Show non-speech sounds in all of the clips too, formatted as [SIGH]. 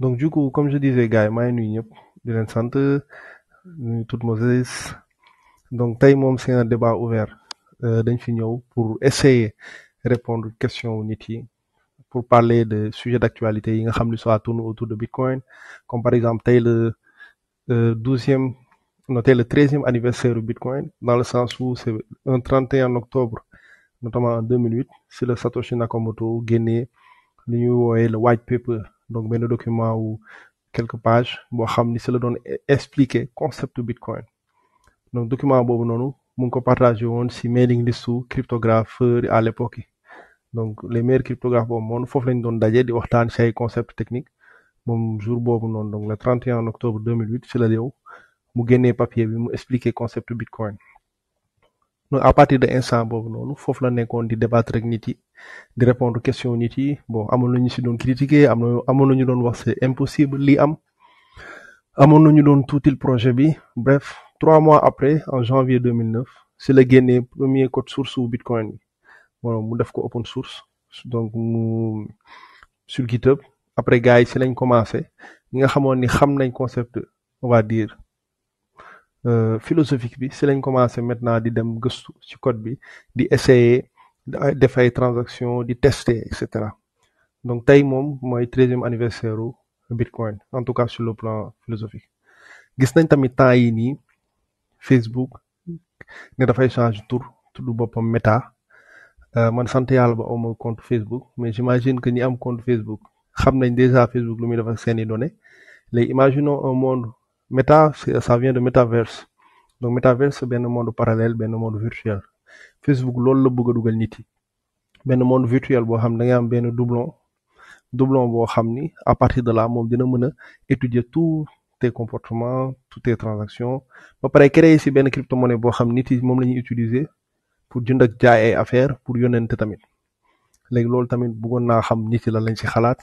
donc du coup comme je disais gars ma nuit ñep de di leen donc c'est un débat ouvert euh, dañ fi pour essayer répondre question nit yi pour parler de sujets d'actualité yi nga xam autour de Bitcoin comme par exemple c'est le 12e euh, non le 13e anniversaire du Bitcoin dans le sens où c'est un 31 octobre notamment en 2008 c'est le Satoshi Nakamoto génnee le white paper donc le document ou quelques pages bo xamni ni donne la doon expliquer concept bitcoin donc document bobu noonu mu ko partager won si mailing sous, cryptographeur à l'époque donc les meilleurs cryptographes au monde, foofu lañ doon dajé di waxtaan si concept technique mom jour bobu non donc le 31 octobre 2008 c'est la yow mu génnee papier bi mu expliquer concept bitcoin non à partir de instant nous faut foofu la di débattre ak nit yi répondre aux questions yi bon à mon ñu ci doon critiquer amono amono voir ñu doon wax c'est impossible Liam, am amono na ñu doon le projet bi bref trois mois après en janvier 2009 c'est le génnee premier code source ou bitcoin bon mu def ko open source donc mu sur GitHub après gars yi là lañ commencé nga xamone xam nañ concept on va dire euh, philosophique bi si lañ commencé maintenant di dem gëstu ci code bi di essayer def transaction tester etc. donc c'est mon 13 13e anniversaire au Bitcoin en tout cas sur le plan philosophique gis nañ tamit temps yi nii Facebook ne dafay changer tour tudd boppam Meta euh, man sant yàlla ba awma compte Facebook mais j'imagine que ñi am compte Facebook xam nañ déjà Facebook lu muy def ak seeni données Mais imaginons un monde Meta, ça vient de metaverse donc metaverse un monde parallèle un monde virtuel Facebook lol, la bëgg d'ougal niti. bien yi monde virtuel bo xam da bien am benn doublon doublon bo xam ni à partir de là mon dina mën étudier tout tes comportements toutes tes transactions ba pare créer ici bien cryptomonnaie boo xam nit yi moom la ñuy utiliser pour jënd ak jaay ay affaires pour yónnente tamit léegi loolu tamit bëggoon naa xam nit yi la lañ si xalaat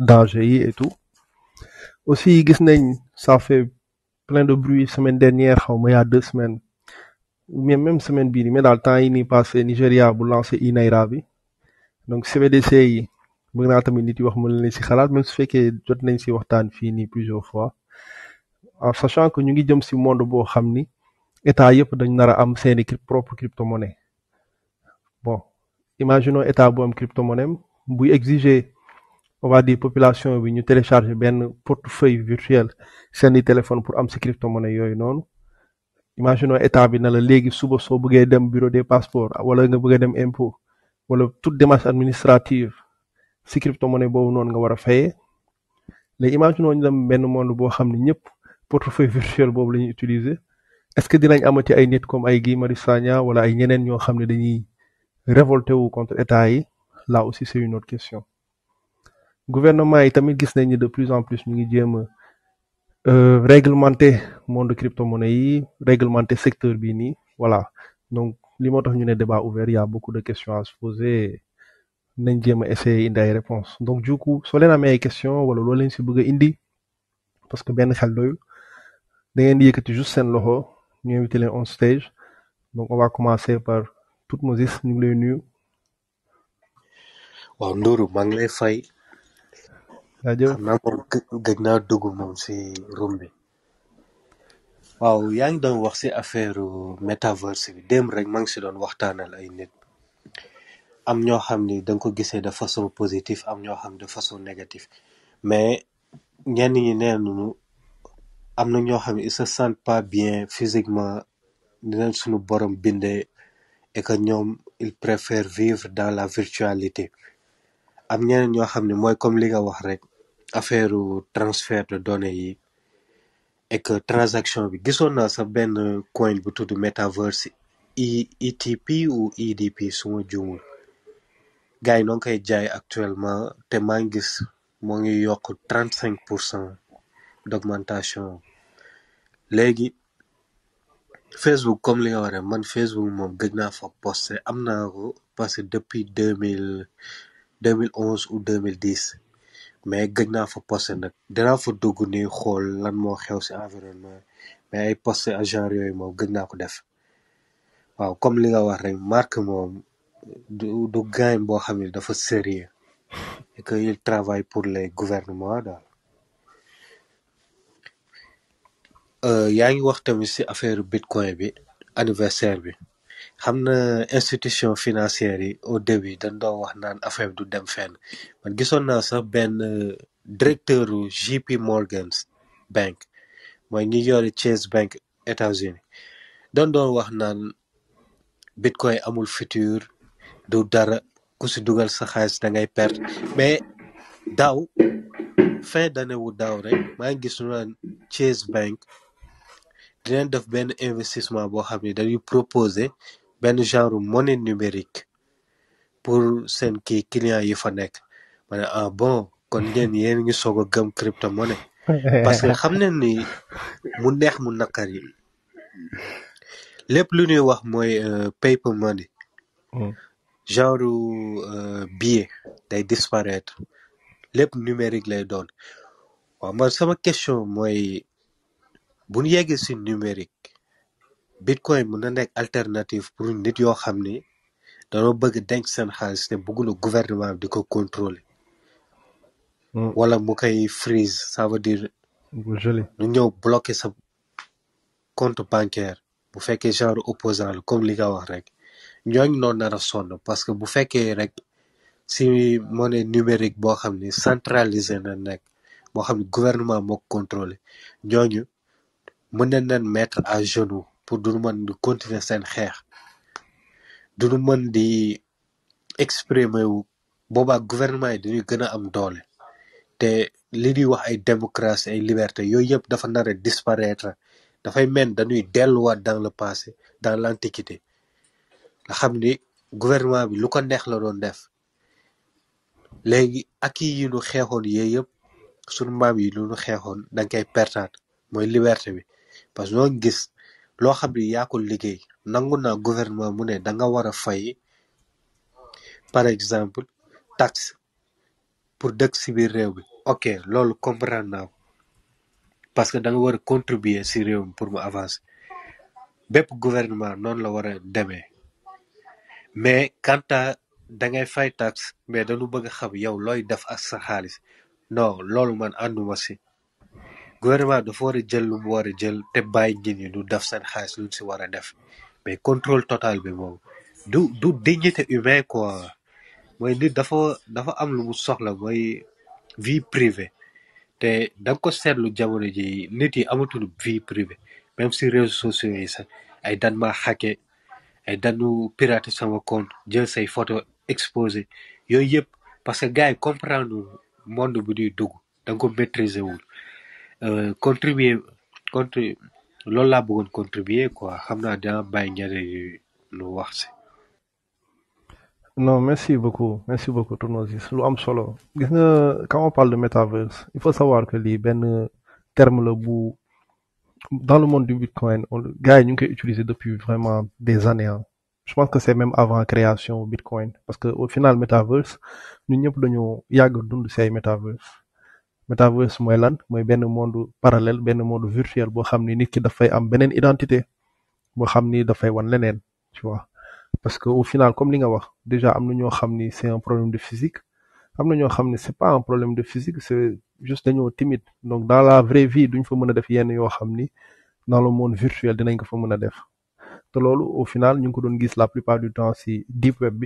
danger yi et tout aussi gis nañ ça fait plein de bruit semaine dernière il y a deux semaines même même semaine dernière, mais dans le temps il passé Nigeria a lancé e-Naira donc c'est yi bëgg naa tamit nit wax ma si xalaat même su fekkee jot nañ si plusieurs fois en sachant que nous ngi jëm si monde où xam ni état dañ nar a am propre crypto-monnaie bon imaginons état bu am crypto-monnaie buy exiger on va dire population bi ñu télécharger ben portefeuille virtuel seeni téléphone pour am crypto monnaie yoy non imaginons état bi na la légui suba so bëggé dem bureau des passeports wala nga bëggé dem impôt wala toute démarche administrative crypto monnaie bobu non nga wara fayé fayee léegi ñu dem ben monde bo xam ñëpp portefeuille virtuel bobu lañu utiliser est-ce que dinañ amati ay nit comme ay Guy Marius Sagna wala ay ñeneen ñoo xam ne dañuy révolté wu contre état yi là aussi c'est une autre question gouvernement yi tamit gis nañ ni de plus en plus ñu ngi jéem a euh, réglementer monde crypto-monnaie yi réglementer secteur bi nii voilà donc li moo tax ñu ne débat ouvert Il y a beaucoup de questions à se poser nañ jéem a essayer indi ay donc du coup soo leen amee ay questions wala loo leen si bëgg a indi parce que benn xel doyul da ngeen di yëkkati juste seen loxo ñu invité leen on stage donc on va commencer par Toutmozis ñu ngi lay nuyu. waaw Ndoru maa ngi lay fay rajo moom naa dugg moom waaw yaa ngi métaverse bi rek ngi ay nit. de façon positive am de façon négative mais ñenn am na ne se sentent pas bien physiquement et ils préfèrent vivre dans la virtualité am ñeneen ñoo xam ne mooy comme li nga wax rek affaire transfert de données yi et que transaction bi gisoon naa sa benn coin bu tudd metaverse ETP e ou EDP su ma juumul gars yi noo koy jaay actuellement te maa ngi gis moo ngi yokk 35 pour cent d'augmentation léegi Facebook comme li nga wax man Facebook moom gëj naa fa posté am naa ko parce que depuis 2000 deux mille onze ou deux mille dix mais gëj naa fa posté nag dinaa fa dugg nii xool lan moo xew si environnement mais ay posté ak genre yooyu moom gëj naa ko def waaw comme li nga wax rek marque moom du du gaañ boo xam ne dafa sérieux et que il travaille pour les gouvernements daal yaa ngi wax tamit si affaire bitcoin bi anniversaire bi xam na institution financières yi au début dañ doon wax naan affaire du dem fenn man gisoon naa sax benn euh, directeur u JP Morgan Bank mooy ñi yore Chase Bank États-Unis dañ doon wax naan bitcoin amul futur du dara ku si dugal sa xaalis da ngay perte mais daaw fin d'année wu daaw rek maa ngi gis ñu naan Chase Bank dinañ def benn investissement boo xam ne dañuy proposer benn genre monnaie numérique pour seen kii client yi fa nekk ma ne ah bon kon ngeen [LAUGHS] yéen ngi soog a gëm crypto monnaie [LAUGHS] parce que xam ne ni mu neex mu naqar yi lu ñuy wax mooy euh, paper money mm. genre euh, billet day disparaître lépp numérique lay doon waaw man sama question mooy bu ñu yeggee si bitcoin mun na nekk alternative pour nit yoo xam ne dañoo bëgg denc seen xaalis te bëggunu gouvernement bi di ko contrôler. Hmm. wala mu koy freeze ça veut dire. gelé ñëw bloqué sa compte bancaire bu fekkee genre opposant la comme li nga wax rek ñooñu noonu nara a parce que bu fekkee rek si monnaie numérique boo xam ni centralisé na nekk boo xam ne gouvernement moo ko contrôlé ñooñu mën na leen mettre à genoux. pour duñu mën di continuer seen xeex nu mën di exprimer wu boobaa gouvernement yi dañuy gën a am doole te li di wax ay démocratie ay liberté yooyu yëpp dafa nar a disparaître dafay mel dañuy delluwaat dans le passé dans l'antiquité nga xam ni gouvernement bi lu ko neex la doon def léegi ak yi ñu xeexoon yooyu yëpp sunu maam yi lu nu xeexoon da nga koy pertaat mooy liberté bi parce que ñoo gis loo xam ni yaa ko liggéey nangu na gouvernement mu ne danga war a fay par exemple taxe pour dëkk si biir réew bi ok loolu comprendre naa parce que da nga war a contribuer si réew mi pour mu avancer bépp gouvernement noonu la war a demee mais quant à da ngay fay taxe mais dañu bëgg a xam yow looy def ak sa xaalis non loolu man ànduma si gouvernement dafa war a jël war a jël te bàyyi nit ñi daf def seen xaalis luñ si war a def mais contrôle totale bi moom du du dignité humain quoi mooy nit dafa dafa am lu mu soxla mooy vie privée te da nga ko seetlu jamono ji nit yi amatul vie privée même si réseaux sociaux yi sax ay dan ma xàkke ay danu pirater sama compte jël say photo exposé yooyu yëpp parce que gars yi comprendre monde bu dugg da nga ko maîtriser wul Euh, contribuer contribuer contribuer quoi xamna dina bàyyi ñeneen wax Non, merci beaucoup. Merci beaucoup, Tournosis. am solo. Quand on parle de metaverse, il faut savoir que les ben terme le bout dans le monde du Bitcoin, on ñu est utilisé depuis vraiment des années. Hein. Je pense que c'est même avant la création Bitcoin. Parce qu'au au final, metaverse, nous n'y a pas de metaverse metaverse mooy lan mooy monde parallèle benn monde virtuel boo xam ni nit ki dafay am beneen identité boo xam ni dafay wan leneen tu vois parce que au final comme li nga wax déjà am na c'est un problème de physique am na c'est pas un problème de physique c'est juste dañoo timide donc dans la vraie vie duñ fa mën a def yenn yoo dans le monde virtuel dinañ ko fa mën a def te au final ñu ngi ko doon gis la plupart du temps si deep web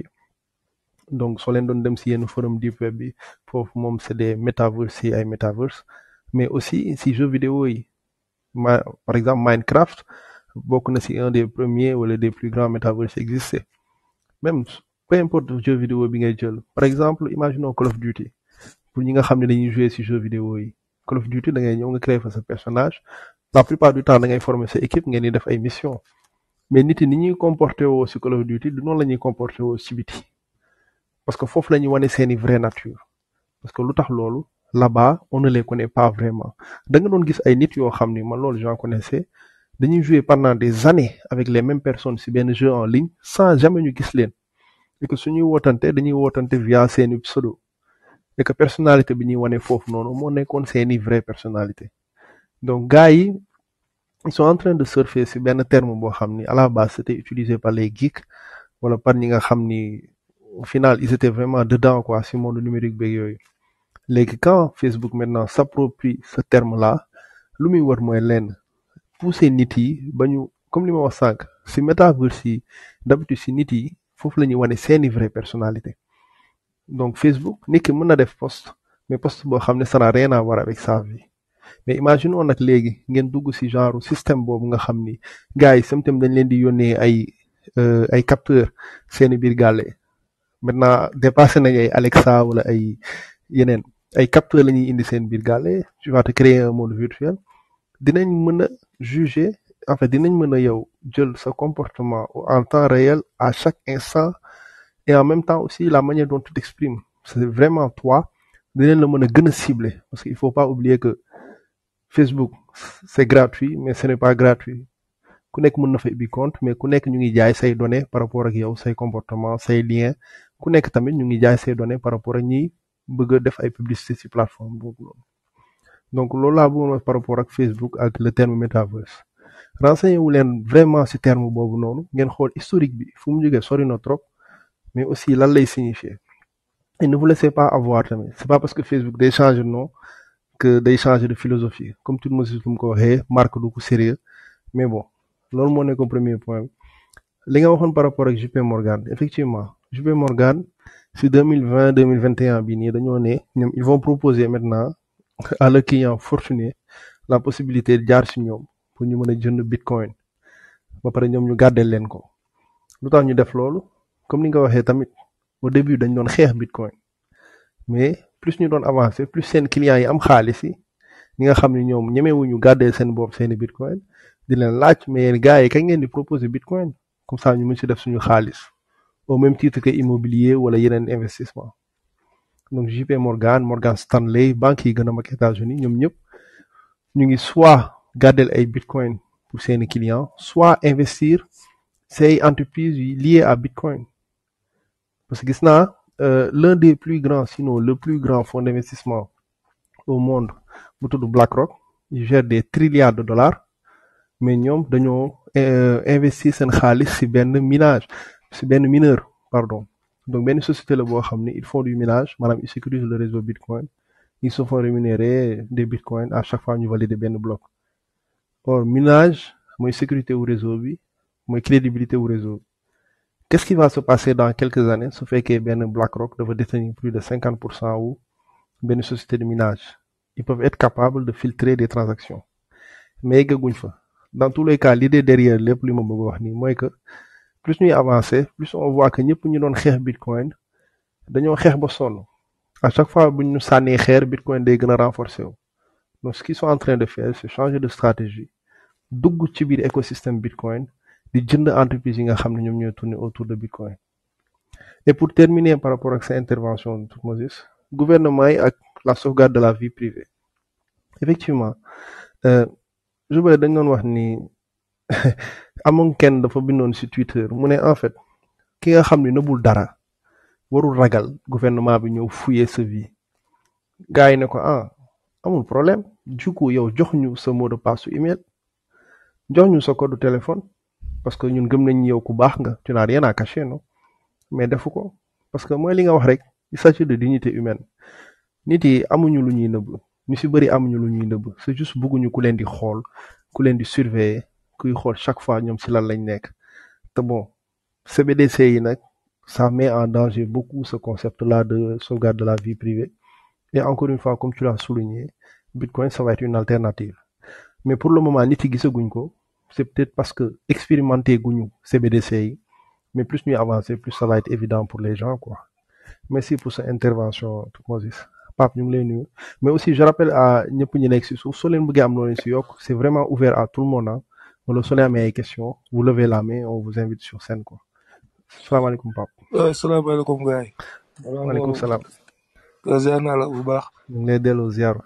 donc so vous doon dem si yenn forum deep web bi fofu mom c'est des metaverse et ay metaverse mais aussi si jeux vidéo yi par exemple Minecraft bokk na si un des premiers wala des plus grands metaverse existé même peu importe jeu vidéo bi ngay jël par exemple imaginons Call of Duty pour ñi nga xamné ne dañuy jouer si jeux vidéo yi Call of Duty da ngay ñëw nga créer fa sa personnage la plupart du temps da ngay former sa équipe ngeen di def ay mission mais nit ni ñuy comporté au si Call of Duty du non, la ñuy comporté au si biti parce que foofu la wone une vraie nature parce que lu tax là-bas on ne les connaît pas vraiment da nga doon gis ay nit yoo xam ni man loolu j'en connaissais dañuy jouer pendant des années avec les mêmes personnes si benn jeu en ligne sans jamais ñu gis leen et que suñuy wootante dañuy wootante via seeni pseudo et que personnalité bi ñuy wone foofu noonu vraie personnalité donc gars ils sont en train de surfer si benn terme boo xam ni à la base c'était utilisé par les geeks wala par ñi nga au final, ils étaient vraiment dedans, quoi, sur le monde numérique. mais quand Facebook maintenant s'approprie ce terme-là, lu muy war mooy lenn pousser nit yi ba comme li ma wax si metaverse, d'habitude si nit yi foofu la ñuy wane seeni vraie personnalité donc Facebook nit que mën def post mais post boo ça n'a rien à voir avec sa vie mais imaginons a léegi ngeen dugg si genre système boobu nga xam ni gars yi sam tam dañ leen di yónnee ay euh, ay capteur c'est une gàlle maintenant dépassé nañ ay Alexa wala ay yeneen ay capteurs la ñuy indi tu vas te créer un monde virtuel dinañ mën a juger en fait dinañ mën a yow jël sa comportement en temps réel à chaque instant et en même temps aussi la manière dont tu t'exprimes c'est vraiment toi dinañ la mën a cibler parce qu'il il faut pas oublier que Facebook c'est gratuit mais ce n'est pas gratuit ku nekk mën na fa ubbi compte mais ku nekk ñu ngi jaay say données par rapport ak yow say comportement say liens ku nekk tamit ñu ngi jaay say données par rapport ak ñi bëgg a def ay publicité ci plateforme donc loolu laa bëggoon wax par rapport ak Facebook ak le terme metaverse Renseignez wu leen vraiment ce terme boobu noonu ngeen xool historique bi fu mu jógee sori na trop mais aussi lan lay signifier et ne vous laissez pas avoir Ce n'est pas parce que Facebook day nom que day de philosophie comme tout le monde sait, ko waxee marque du sérieux mais bon loolu moo nekkoon premier point bi li nga waxoon par rapport ak JP Morgan effectivement je vais Morgan si 2020 2021 Bien ils vont proposer maintenant à leurs clients fortunés la possibilité de jaar sur ñom pour ñu mëna jënd bitcoin ba que ñom ñu le leen ko lu tax ñu def comme ni nga waxé au début dañ doon xeex bitcoin mais plus ñu doon avancer plus sen clients yi am xaalis yi ñi nga xam ñom ñëmé wuñu garder sen ont sen bitcoin di leen laaj mais gars yi kañ ngeen di proposer bitcoin comme ça ñu mën si def suñu au même titre que immobilier ou l'investissement. investissement donc JP Morgan Morgan Stanley banque qui est a États-Unis nous soit garder les bitcoin pour ses clients soit investir ces entreprises liées à bitcoin parce que gis euh, l'un des plus grands sinon le plus grand fonds d'investissement au monde c'est BlackRock il gère des trilliards de dollars mais nous euh, avons investir dans les ci minage c'est des mineur pardon donc une société la bo ils font du minage madame ils sécurisent le réseau bitcoin ils se font rémunérer des bitcoins à chaque fois ñu valider de bloc or minage moy sécurité au réseau bi crédibilité au réseau qu'est-ce qui va se passer dans quelques années ce que que benn BlackRock devrait détenir plus de 50% ou ben société de minage ils peuvent être capables de filtrer des transactions mais gëguñ dans tous les cas l'idée derrière les plus ma veux wax que plus nous avançons, plus on voit que nous ñu doon xeex bitcoin dañoo xeex ba sonn à chaque fois bu ñu sànnee de bitcoin day Bitcoin, renforcer donc ce qu'ils sont en train de faire c'est changer de stratégie dugg ci de l'écosystème bitcoin di jënd entreprise yi nga xam ne tourner autour de bitcoin et pour terminer par rapport à cette intervention Moses gouvernement et la sauvegarde de la vie privée effectivement euh, je voudrais dire wax ni [LAUGHS] amon kenn dafa bindoon ci Twitter mu ne en fait ki nga xam ne nëbul dara warul ragal gouvernement bi ñëw fouiller sa vie gars yi ne ko ah amul problème du coup yow jox ñu sa mot de passe email jox ñu sa code téléphone parce que ñun gëm nañ yow ku baax nga tu n'as rien à cacher non mais defu ko parce que mooy li nga wax rek il s'agit de dignité humaine nit yi amuñu lu ñuy nëbb ñu ci bëri amuñu lu ñuy nëbb c'est juste bëgguñu ku leen di xool ku leen di surveiller chaque fois ñoom ci lan lañ nekk te bon CBDC ça met en danger beaucoup ce concept-là de sauvegarde de la vie privée et encore une fois comme tu l'as souligné Bitcoin ça va être une alternative mais pour le moment ko c'est peut-être parce que expérimenter guñu CBDC mais plus nous avancer plus ça va être évident pour les gens quoi merci pour cette intervention mais aussi je rappelle à ñepp ñi nek ci c'est vraiment ouvert à tout le monde hein. Vous le sonné à mes questions, vous levez la main, on vous invite sur scène. Quoi. Salam alaikum, Pape. Euh, salam alaikum, Gaï. Alaikum salam. Euh, ziar naa la bu baax. ñu ngi lay delloo ziar.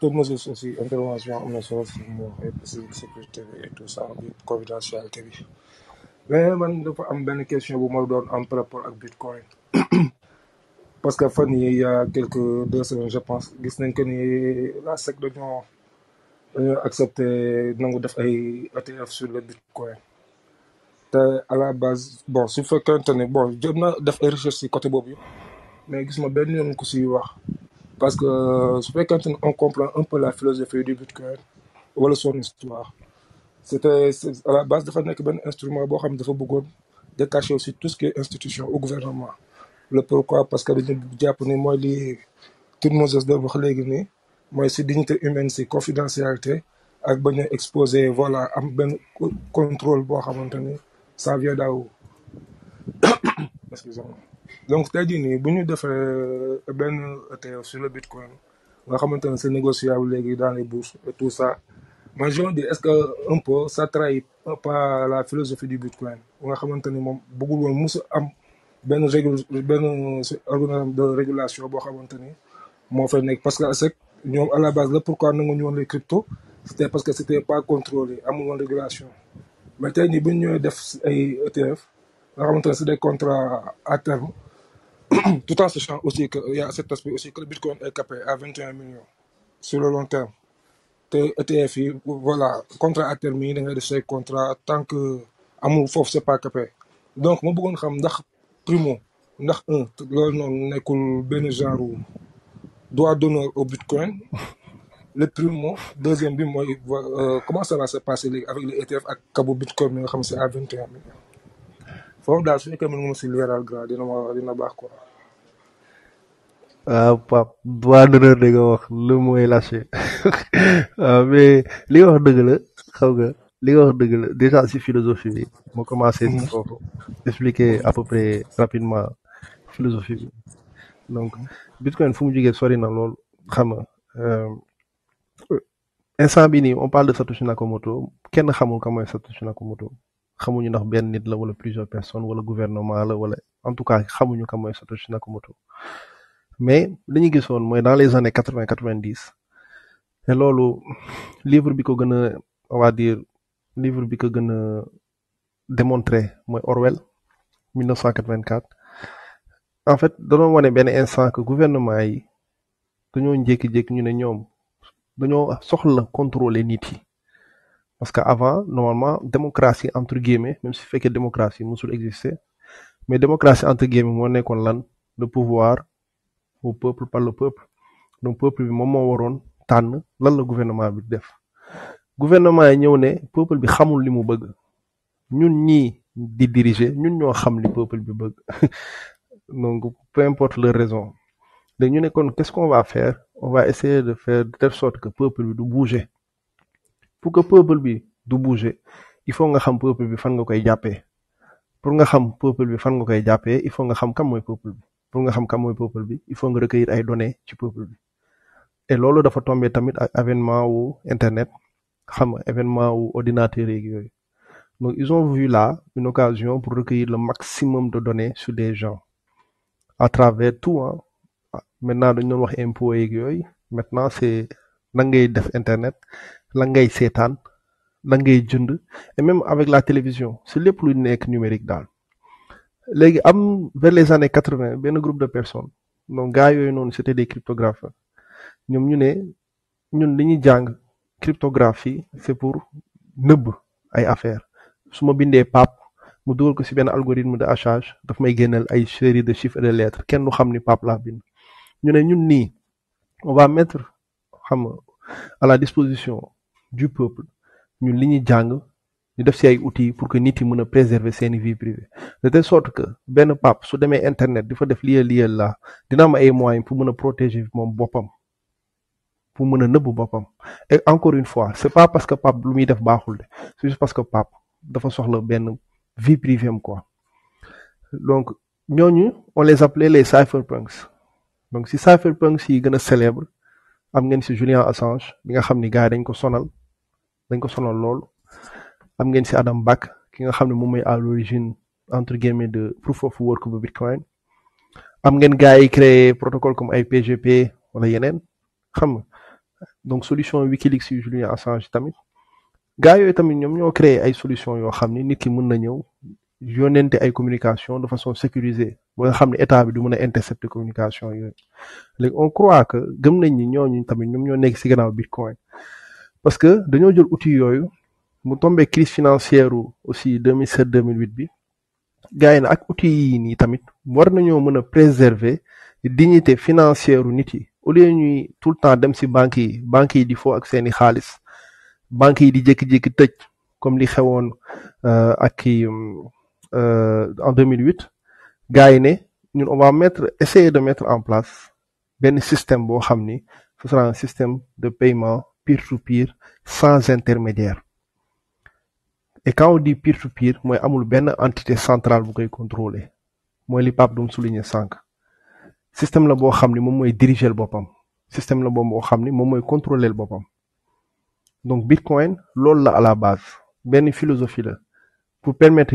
toog na suuf si intervention am na solo si mu wax sécurité et tout ça bi confidentialité bi. mais man dafa am une question bu ma doon am rapport avec bitcoin. [COUGHS] parce que fan il y a quelques deux semaines je pense gis nañ que ni la de dañoo accepter accepté def ay ETF sur le bitcoin te à la base bon su fekkente ne bon jëm na def ay recherche si côté bobu mais gis ma ben yon ko siy wax parce que euh, su on comprend un peu la philosophie du bitcoin wala son histoire c'était à la base de faire un instrument pour xam dafa bëggoon détacher aussi tout ce qui est institution au gouvernement le pourquoi parce que dañu jàpp ni moy li monde se wax moi si dignité humaine c'est confidentialité ak bañ a exposé voilà am benn contrôle boo xamante ni ça vient d'en haut [COUGHS] excusez-moi donc tey jii nii bu ñu defee euh, sur le bitcoin nga xamante ne c'est négociable léegi dans les bourses et tout ça mais je me dis est-ce que un peu ça trahit pas la philosophie du bitcoin bu nga xamante ni beaucoup bëggul woon musu am benn ben organisme de régulation boo xamante ni moo fay parce que ñoom à la base la pourquoi ñu won les crypto c'était parce que c'était pas contrôlé amul woon régulation mais tey nii bu ñëw def ay ETF nga xamante c'est des contrats à terme [COUGHS] tout en sachant aussi que y' a cet aspect aussi que le bitcoin est capé à 21 millions sur le long terme Les ETF voilà contrat à terme yi da ngay def say contrat tant que amul foofu c'est pas capé donc mo bëggoon xam ndax primo ndax un loolu non nekul ben genre doit donner au Bitcoin. le premier deuxième bi euh, comment ça va se passer avec les ETF à cabo Bitcoin bi nga xam ne c'est à vingt et un mille foofu que su fekkee mën nga si grand quoi. ah Pape doigt d'honneur di gars le est lâché [LAUGHS] euh, mais li nga wax dëgg les xaw li déjà c'est philosophie bi ma commencé mhm. expliquer à peu près rapidement philosophie donc bitcoin fu mu sori na lool xam nga euh, instant bi ni on parle de Satoshi Nakamoto kenn xamul kan mooy Satoshi Nakamoto xamuñu ndax ben nit la wala plusieurs personnes wala gouvernement la wala en tout cas xamuñu kan mooy Satoshi Nakamoto mais li gissone moy dans les années 80 90 et vingt livre bi ko gëna on va dire livre bi ko gëna démontrer moy Orwell 1984 en fait dañoo wane benn instant que gouvernement yi dañoo jékki-jékki ñu ne ñoom dañoo soxla contrôler nit yi parce que avant normalement démocratie entre guillemets même si fekkee démocratie musul exister mais démocratie entre guillemets moo nekkoon lan le pouvoir au peuple par le peuple donc peuple bi moom moo waroon tànn lan la gouvernement bi def gouvernement yi ñëw ne peuple bi xamul li mu bëgg ñun ñii di diriger ñun ñoo xam li peuple bi bëgg [LAUGHS] donc peu importe leur raison léegi nous ne qu'est-ce qu'on va faire on va essayer de faire de telle sorte que le peuple bi bouger pour que le peuple bi bouger il faut nga le peuple bi fan nga koy pour nga le peuple bi fan nga koy il faut nga xam kan mooy peuple bi pour nga xam kan peuple bi il faut nga recueillir ay données ci peuple bi et lolo dafa tombé tamit ak événement ou internet xam événement ou ordinateur yeeg donc ils ont vu là une occasion pour recueillir le maximum de données sur des gens à travers tout hein. maintenant nous avons un impôt maintenant c'est l'anglais ngay def internet l'anglais ngay seetaan et même avec la télévision c'est le plus nekk numérique dans vers les années 80, il y a un groupe de personnes donc gars yooyu noonu c'était des cryptographes ils ñu ne ñun li cryptographie c'est pour faire ay affaires su ma pap mu dugal ko ci benn algorithme de hachage daf may génneel ay série de chiffres et de lettres kenn du xam ni Pape laa bind ñu ne ñun nii on va mettre xam à la disposition du peuple ñun li ñuy jàng ñu def ci ay outils pour que nit yi mën a préserver seeni vie privée de telle sorte que benn Pape su demee internet di fa def liye liye là dina am ay moyens pour mën a protéger moom boppam pour mën a nëbb boppam et encore une fois c'est pas parce que Pape lu muy def baaxul de c'est juste parce que Pape dafa soxla benn vie privée, quoi. Donc, ñooñu on les appelait les cypherpunks donc si cypherpunks yi gëna célèbre am ngeen ci Julian Assange bi nga xamni ni gars dañ ko sonal dañ ko sonal lool am ngeen ci Adam Back ki nga xamni ne moom mooy à l'origine entre guillemets de proof of work bu Bitcoin am ngeen gars yi créé protocole comme IPGP wala yenen xam nga donc solution Wikileaks yu Julian Assange tamit gaa yooyu tamit ñoom ñoo créé ay solution yoo xam ni nit ki mën na ñëw yónnente ay communication de façon sécurisée ba nga xam ne état bi du mën a intercepter communication yooyu léegi on croit que gëm nañ ni ñooñu tamit ñoom ñoo nekk ci gannaaw bitcoin parce que dañoo jël outil yooyu mu tombé crise financière aussi 2007 2008 bi gars na ak outil yi nii tamit war nañoo mën a préserver dignité financière nit yi au lieu ñuy tout le temps dem ci banques yi banques yi di foo ak seeni xaalis banque yi di jékki-jékki tëj comme li xewoon euh, ak kii euh, en 2008 gars yi ñun on va mettre essayer de mettre en place benn système boo xam ni ce sera un système de paiement pire to pire sans intermédiaire et quand on dit peer to peer mooy amul benn entité centrale bu koy contrôler mooy li Pape doon souligner sànq système la boo xam ni moom mooy diriger boppam système la boo xam ni moom mooy contrôler boppam donc bitcoin l'ol la à la base une philosophie là pour permettre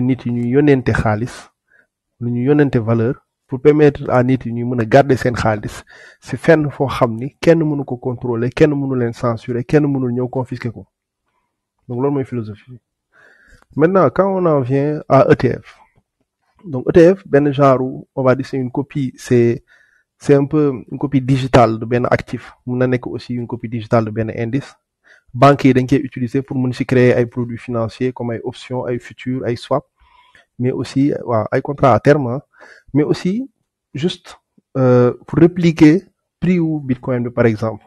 pour permettre à nit garder sen xaliss c'est fenn fo xamni kenn mënu contrôler kenn mënu len censurer kenn nous ñeu confisquer ko donc une philosophie maintenant quand on en vient à ETF donc ETF ben genre on va dire c'est une copie c'est c'est un peu une copie digitale de ben actif mëna nek aussi une copie digitale de ben indice banques yi dañ koy utiliser pour mun créer ay produits financiers comme ay options ay futurs ay swap mais aussi waaw ay contrats à terme hein. mais aussi juste euh, pour répliquer prix ou bitcoin par exemple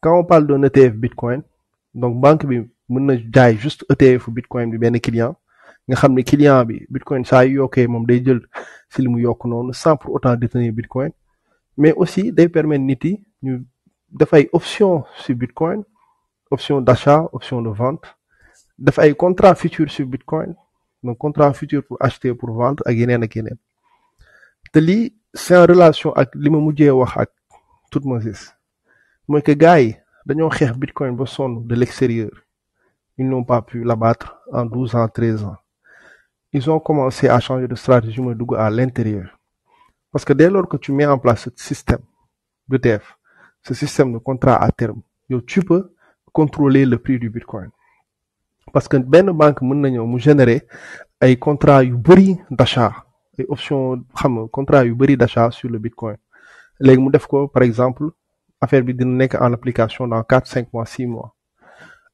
quand on parle d'un ETF bitcoin donc banque bi mën na jaay juste ETF bitcoin bi ben client nga xamné ne client bi bitcoin ça yu que moom day jël si li mu yokk sans pour autant détenir bitcoin mais aussi day permettre nit yi ñu def ay options sur bitcoin option d'achat, option de vente. a un contrat futur sur Bitcoin donc contrat futur pour acheter pour vendre à yeneen ak te c'est en relation avec li le monde. wax ak Toutmoses que gars qui ont Bitcoin de l'extérieur ils n'ont pas pu l'abattre en 12 ans 13 ans ils ont commencé à changer de stratégie à l'intérieur parce que dès lors que tu mets en place ce système def, ce système de contrat à terme tu peux contrôler le prix du bitcoin parce que ben banque mën na ñëw mu générer ay contrat yu bari d'achat et option xam contrat yu bari d'achat sur le bitcoin légui mu def ko par exemple affaire bi dina nekk en application dans quatre cinq mois six mois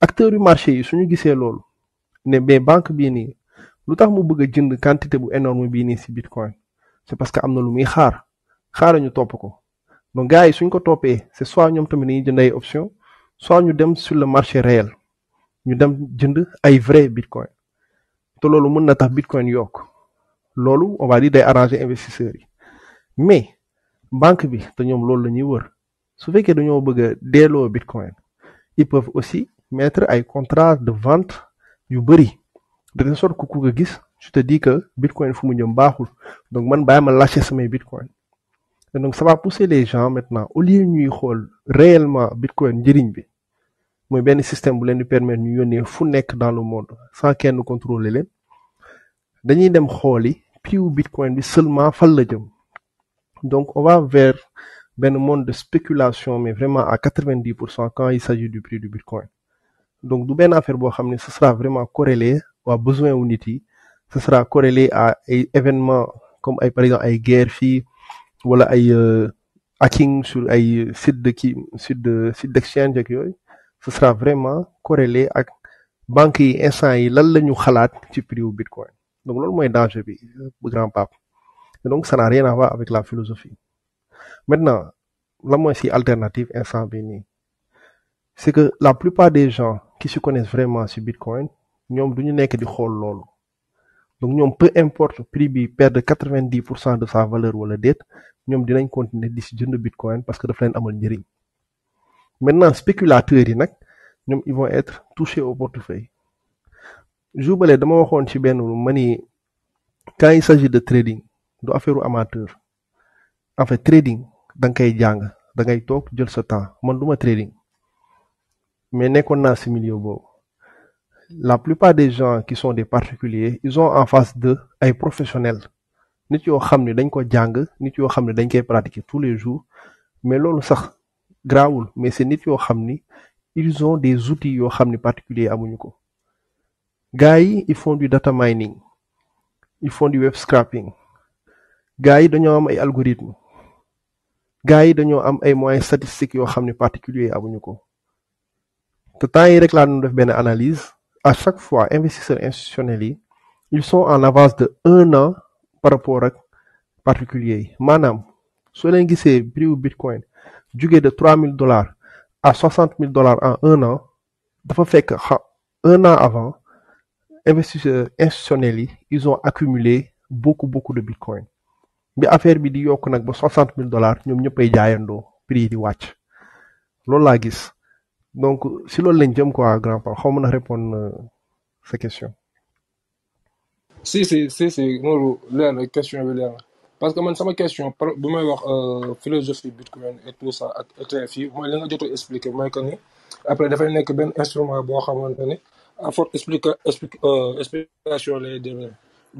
acteurs du marché yi suñu gisee lolu né mais banque bien ni lutax mu bëgg jënd quantité bu énorme bi ni si bitcoin c'est parce que amna lu muy xaar xaarañu top ko donc gars yi suñ ko topé c'est soit ñom tamit dañuy jënd ay option soit ñu dem sur le marché réel ñu dem jënd ay vrai bitcoin te loolu mën na tax bitcoin yokk loolu on va dire day arranger investisseurs yi mais banque bi te ñoom loolu la ñuy wër su fekkee dañoo bëgg a bitcoin ils peuvent aussi mettre ay contrat de vente yu bëri de telle sorte que ku ko gis je te dis que bitcoin fu mu jëm baaxul donc man bàyyi ma lâché samay bitcoin donc, ça va pousser les gens maintenant, au lieu de nous réellement Bitcoin nous. bi, bien système bu nous permet de nous faire dans le monde sans nous contrôler contrôle dañuy dem xoli Bitcoin bi seulement fal la Donc, on va vers ben un monde de spéculation, mais vraiment à 90% quand il s'agit du prix du Bitcoin. Donc, ben affaire bo ce sera vraiment corrélé aux besoin unity, ce sera corrélé à événements comme par exemple à guerre fi wala ay euh, hacking sur ay site de qui site de site d'exchange ak ce sera vraiment corrélé ak banque yi instant yi lan la ñu xalaat ci prix du bitcoin donc lool moy danger bi bu grand pape donc ça n'a rien à voir avec la philosophie maintenant la moi si alternative instant béni c'est que la plupart des gens qui se connaissent vraiment sur bitcoin ñom duñu nekk di xol loolu donc peu importe prix bi perdre 90% de sa valeur wala dette ñom dinañ continuer di si jënd bitcoin parce que daf leen amal njëriñ maintenant spéculateurs yi nak ñom ils vont être touchés au portefeuille joubale dama waxoon ci benn ma quand il s'agit de trading do affaire amateur en fait trading da nga koy jàng da tok jël sa temps man duma trading mais nekkoon na si milieu la plupart des gens qui sont des particuliers ils ont en face d'eux un professionnel. nit yoo xam dañ ko jang, nit yoo dañ koy pratiquer tous les jours mais loolu sax grawul mais c'est nit yoo xam ils ont des outils yo xam particuliers amuñu ko gars ils font du data mining ils font du web scrapping gars yi am ay algorithmes gars yi am ay moyens statistiques yo xam particuliers particulier amuñu ko te temps yi rek def ben analyse à chaque fois investisseurs institutionnels ils sont en avance de un an par rapport aux particuliers Madame, maanaam soo leen prix prix bitcoin de 3000 dollars à 60 000 dollars en un an ça fait qu'un un an avant investisseurs institutionnels ils ont accumulé beaucoup beaucoup de bitcoin Mais affaire bi di 60 000 dollars, ont payé dollars prix de di C'est donc si loolu lañ jëm quoi grand père, xaw na répondre na sa question. si si si si Nourou leer na question bi leer parce que man sama question par bu may wax euh, philosophie bitcoin et tout ça ak ETF yi mooy li nga jot expliquer. mooy que ni après dafay nekk benn instrument boo xamante ni à forte explica euh, explication lay demee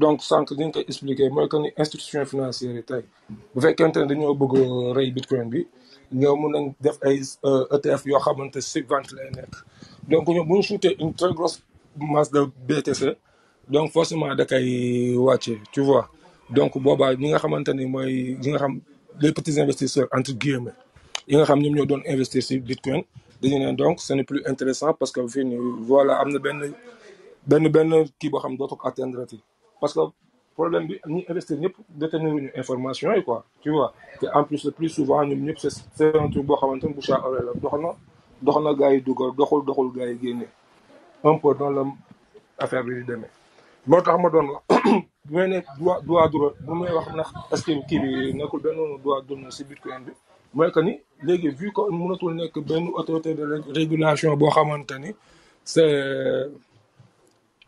donc sànq ni nga koy mooy que ni institution financière yi tey bu fekkente ne dañoo bëgg rey bitcoin bi ñoo mun a def ay ETF euh, e yoo xamante subvente lay nekk donc ñoom bu ñu shooté une très grosse masse de BTC donc forcément da koy wàcce tu vois donc boobaa ñi nga xamante ni mooy ñi nga xam les petits investisseurs entre guillemets yi nga xam ñoom ñoo doon investir si Bitcoin dañu ne donc ce n'est plus intéressant parce que fii nii voilà am na benn benn benn kii boo xam dootu ko atteindre parce que problème bi ni investir ñep détenir ñu information yi quoi tu vois te en plus le plus souvent ñu ñep c'est c'est un truc bo xamante bu bouche à oreille la dox na dox doxul doxul gaay yi génne un peu dans la affaire bi di demee moo tax ma doon wax [COUGHS] bu may nekk doigt doigt droit bu may wax ndax est-ce que kii bi nekkul benn doigt droit ci bitcoin bi moy que ni légui vu que mënatul nek benn autorité de régulation bo xamante c'est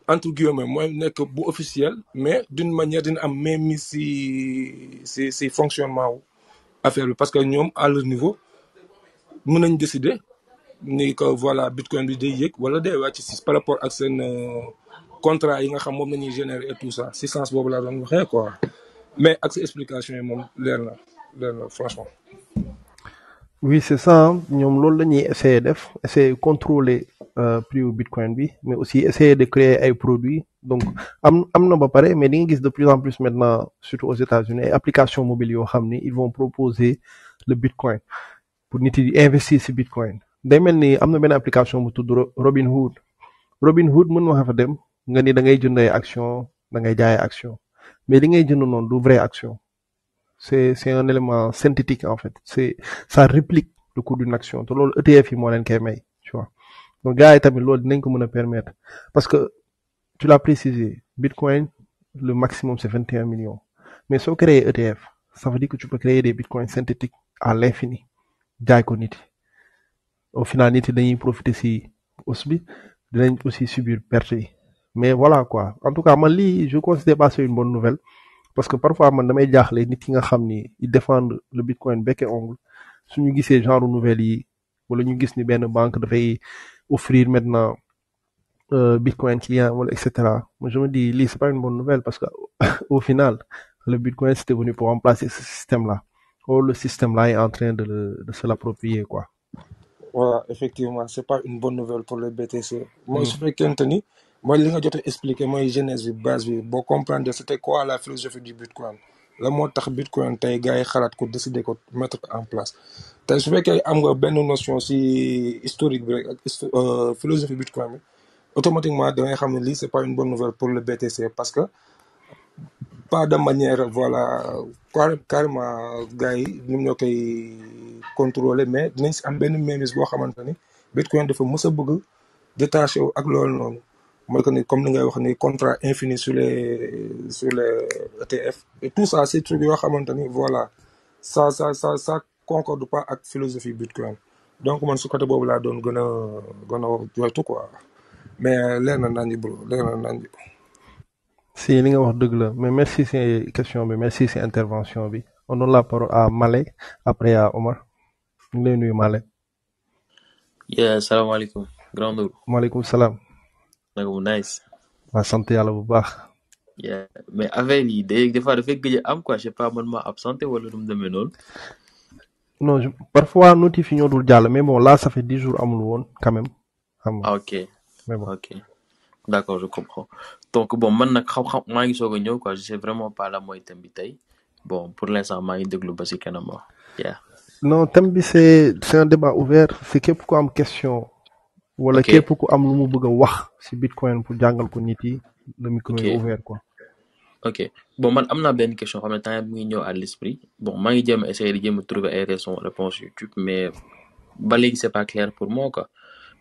entre guillemets moi n'ai que beau officiel mais d'une manière je am même si si si fonctionnements à faire. parce que nous, à leur niveau nous avons décidé ni que voilà bitcoin bi day voilà wala day par rapport à ces euh, contrat yi nga xam et tout ça c'est sens pour la quoi mais avec ces explications yi là, franchement oui c'est ça Nous avons essayé de essayer le contrôler euh, prix du bitcoin mais aussi essayer de créer un produit. donc am am na ba mais di nga de plus en plus maintenant surtout aux États-Unis les applications mobiles ils vont proposer le bitcoin pour investir le bitcoin Nous avons ni application de tudd Robinhood Robinhood mën nga fa dem nga ni da ngay action mais li ngay jënd non, du action c'est un élément synthétique en fait c'est ça réplique le coût d'une action donc l'ETF ETF moins tu vois donc gars il ko permettre parce que tu l'as précisé Bitcoin le maximum c'est 21 millions mais on créer ETF ça veut dire que tu peux créer des bitcoins synthétiques à l'infini d'accord au final ils profiter si aussi subir perte mais voilà quoi en tout cas moi je considère pas c'est une bonne nouvelle parce que parfois man damay jaxlé nit les nga xamni défendent le bitcoin bec et ongle ces gens genre nouvelle yi wala ñu une ni ben banque fay offrir maintenant euh, bitcoin client wala et moi je me dis ce c'est pas une bonne nouvelle parce que [LAUGHS] au final le bitcoin c'était venu pour remplacer ce système là or le système là est en train de de se l'approprier quoi. voilà effectivement c'est pas une bonne nouvelle pour le BTC. Moi, mm. je fekkente ni moi li nga jot expliquer moy genèse bi base pour comprendre c'était quoi la philosophie du bitcoin la philosophie tax bitcoin tay gars xalat ko décider ko mettre en place tay su fekkee am nga notion si historique bi rek euh, philosophie bitcoin automatiquement da ngay c'est pas une bonne nouvelle pour le BTC parce que pas de manière voilà carrément gars yi ñoom contrôler mais dinañ si am ben les bo le bitcoin dafa bëgg détaché avec ak nom mooy comme comme ni ngay wax ni contrat infini sur les sur les ETF. et tout ça ces trucs yoo xamante ni voilà ça ça ça ça concorde pas avec philosophie Bitcoin donc man su côté bobu la donne gën a gën quoi mais leer na nañ bro leer na nañ si li nga wax deug la mais merci c'est question bi merci c'est intervention bi on donne la parole à Malé après à Omar ñu ngi lay nuyu Malé. yeah alaykoum grand maaleykum salam naka mu nice. waaw sant yàlla bu baax. mais avec yi day des fois dafay gëj am quoi je sais pas man maa absenté wala nu mu demee noonu. non parfois notif yi ñoo dul jàll mais bon là ça fait 10 jours amul woon quand même. xam nga ok mais bon ok d' accord je comprends donc bon man nag xam-xam maa ngi soog a ñëw quoi je sais vraiment pas la mooy thème bi tey bon pour l' instant maa ngi déglu ba si kanam yeah. non thème bi c' est c' est un débat ouvert si képp ku am question wala képp ku am lu mu bëgg a wax si bitcoin pour jàngal ko nit yi. le micro est ouvert quoi. ok bon man am naa benn question xam ne temps mu ngi ñëw à l' esprit bon maa ngi jéem essayer di jéem a trouver ay raisons réponses YouTube mais ba léegi c' est pas clair pour moi quoi.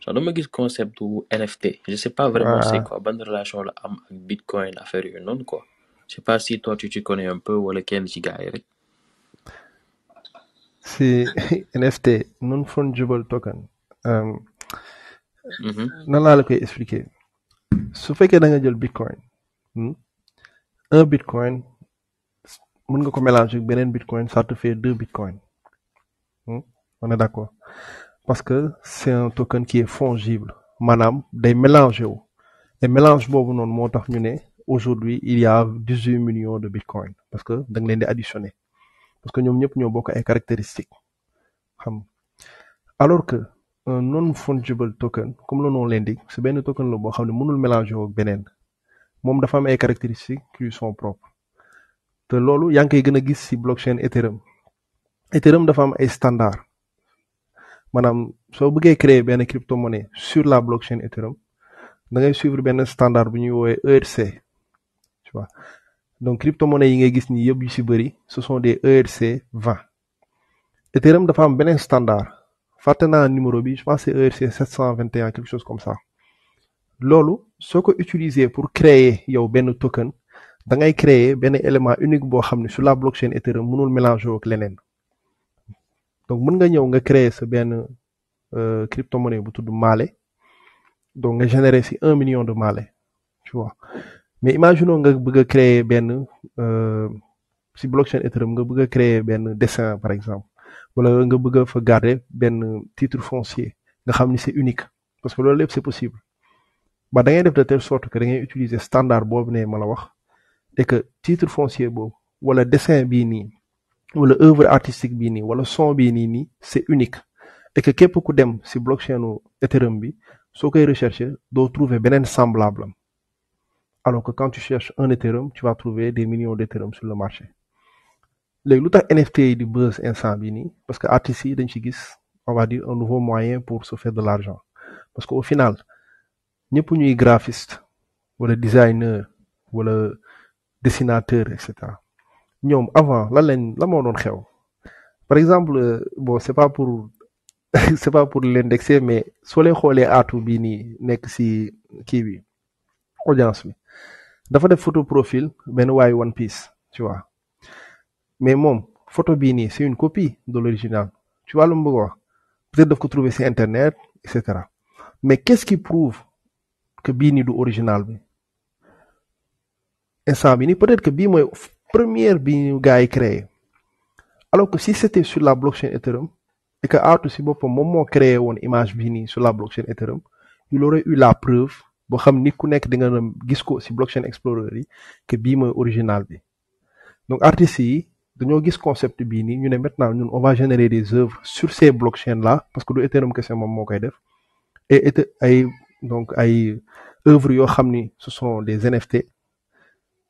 sax dama gis concept du NFT. je sais pas vraiment c'est ah. quoi ban relation la am ak bitcoin affaire yooyu noonu quoi. je sais pas si toi tu t'y connais un peu wala kenn ci gars yi rek. c'est [LAUGHS] NFT non fungible token. Um, Mm-hmm. nan vais la ce expliquer Sou vous da nga bitcoin hmm, un bitcoin mën nga ko mélanger avec bitcoin ça te fait deux bitcoin hmm, on est d'accord parce que c'est un token qui est fongible Manam, day mélanger wu te mélange boobu nous moo aujourd'hui il y a 18 millions de bitcoins parce que da nga additionné. parce que vous avons ñoo bokk caractéristiques alors que non fungible token comme le nom l'indique c'est bien un token la boo xam ne mënul mélanger avec mon de dafa am caractéristiques qui sont propres te loolu y a koy gën a gis si blockchain Ethereum Ethereum de am ay standard vous vous voulez créer une crypto-monnaie sur la blockchain Ethereum vous ngay suivre un standard bu ñuy ERC e tu vois donc crypto-monnaie yi ngay gis nii ce sont des ERC 20 Ethereum dafa am un standard. Fatana numéro bi je pense c'est ERC 721 quelque chose comme ça Lolo, que que utiliser pour créer yow ben token da ngay créer un élément unique pour xam sur la blockchain Ethereum mënul mélanger avec pas donc mën nga ñëw nga créer sa monnaie euh, cryptomonnaie bu tudd malé. donc générer si un million de malé. tu vois mais imaginons nga bëgg créer créer euh, si blockchain Ethereum nga bëgg créer ben dessin par exemple wala nga bëgg fa garder benn titre foncier nga xam ni c'est unique parce que loolu lépp c'est possible ba da ngay def de telle sorte que da ngay utiliser standard boobu ne ma wax et que titre foncier boobu wala dessin bii nii wala œuvre artistique bii nii wala son bii c'est unique et que képp ku dem ci blockchain Ethereum bi soo koy rechercher doo trouver beneen semblable alors que quand tu cherches un Ethereum tu vas trouver des millions d'Ethereum sur le marché le lu NFT du di buzz instant bi bini parce que artistes yi dañ ci on va dire un nouveau moyen pour se faire de l'argent parce qu'au final, au final ñëpp ñuy graphiste wala designer wala dessinateur et cetera ñoom avant là lañ la moo doon xew par exemple euh, bon c'est pas pour [LAUGHS] c'est pas pour l'indexer mais soo leen xoolee aatu bini, nii nekk ci kii bi audience bi dafa def photo profil ben waayu One Piece tu vois mais mon, photo Bini, c'est une copie de l'original tu vois le mbogo. peut-être que tu trouver sur internet etc. mais qu'est-ce qui prouve que Bini est original Et ça, Bini, peut-être que est le premier Bini que gars créé alors que si c'était sur la blockchain Ethereum et que Art aussi pour moom moment créé une image Bini sur la blockchain Ethereum il aurait eu la preuve pour xam ni ku nekk di nga c'est blockchain explorer que Bini est original donc Art ici, dañoo gis concept bii nii ñu ne maintenant ñun on va générer des œuvres sur ces blockchains là parce que du Ethereum que moom moo koy def et ay donc ay œuvres yoo xam ce sont des NFT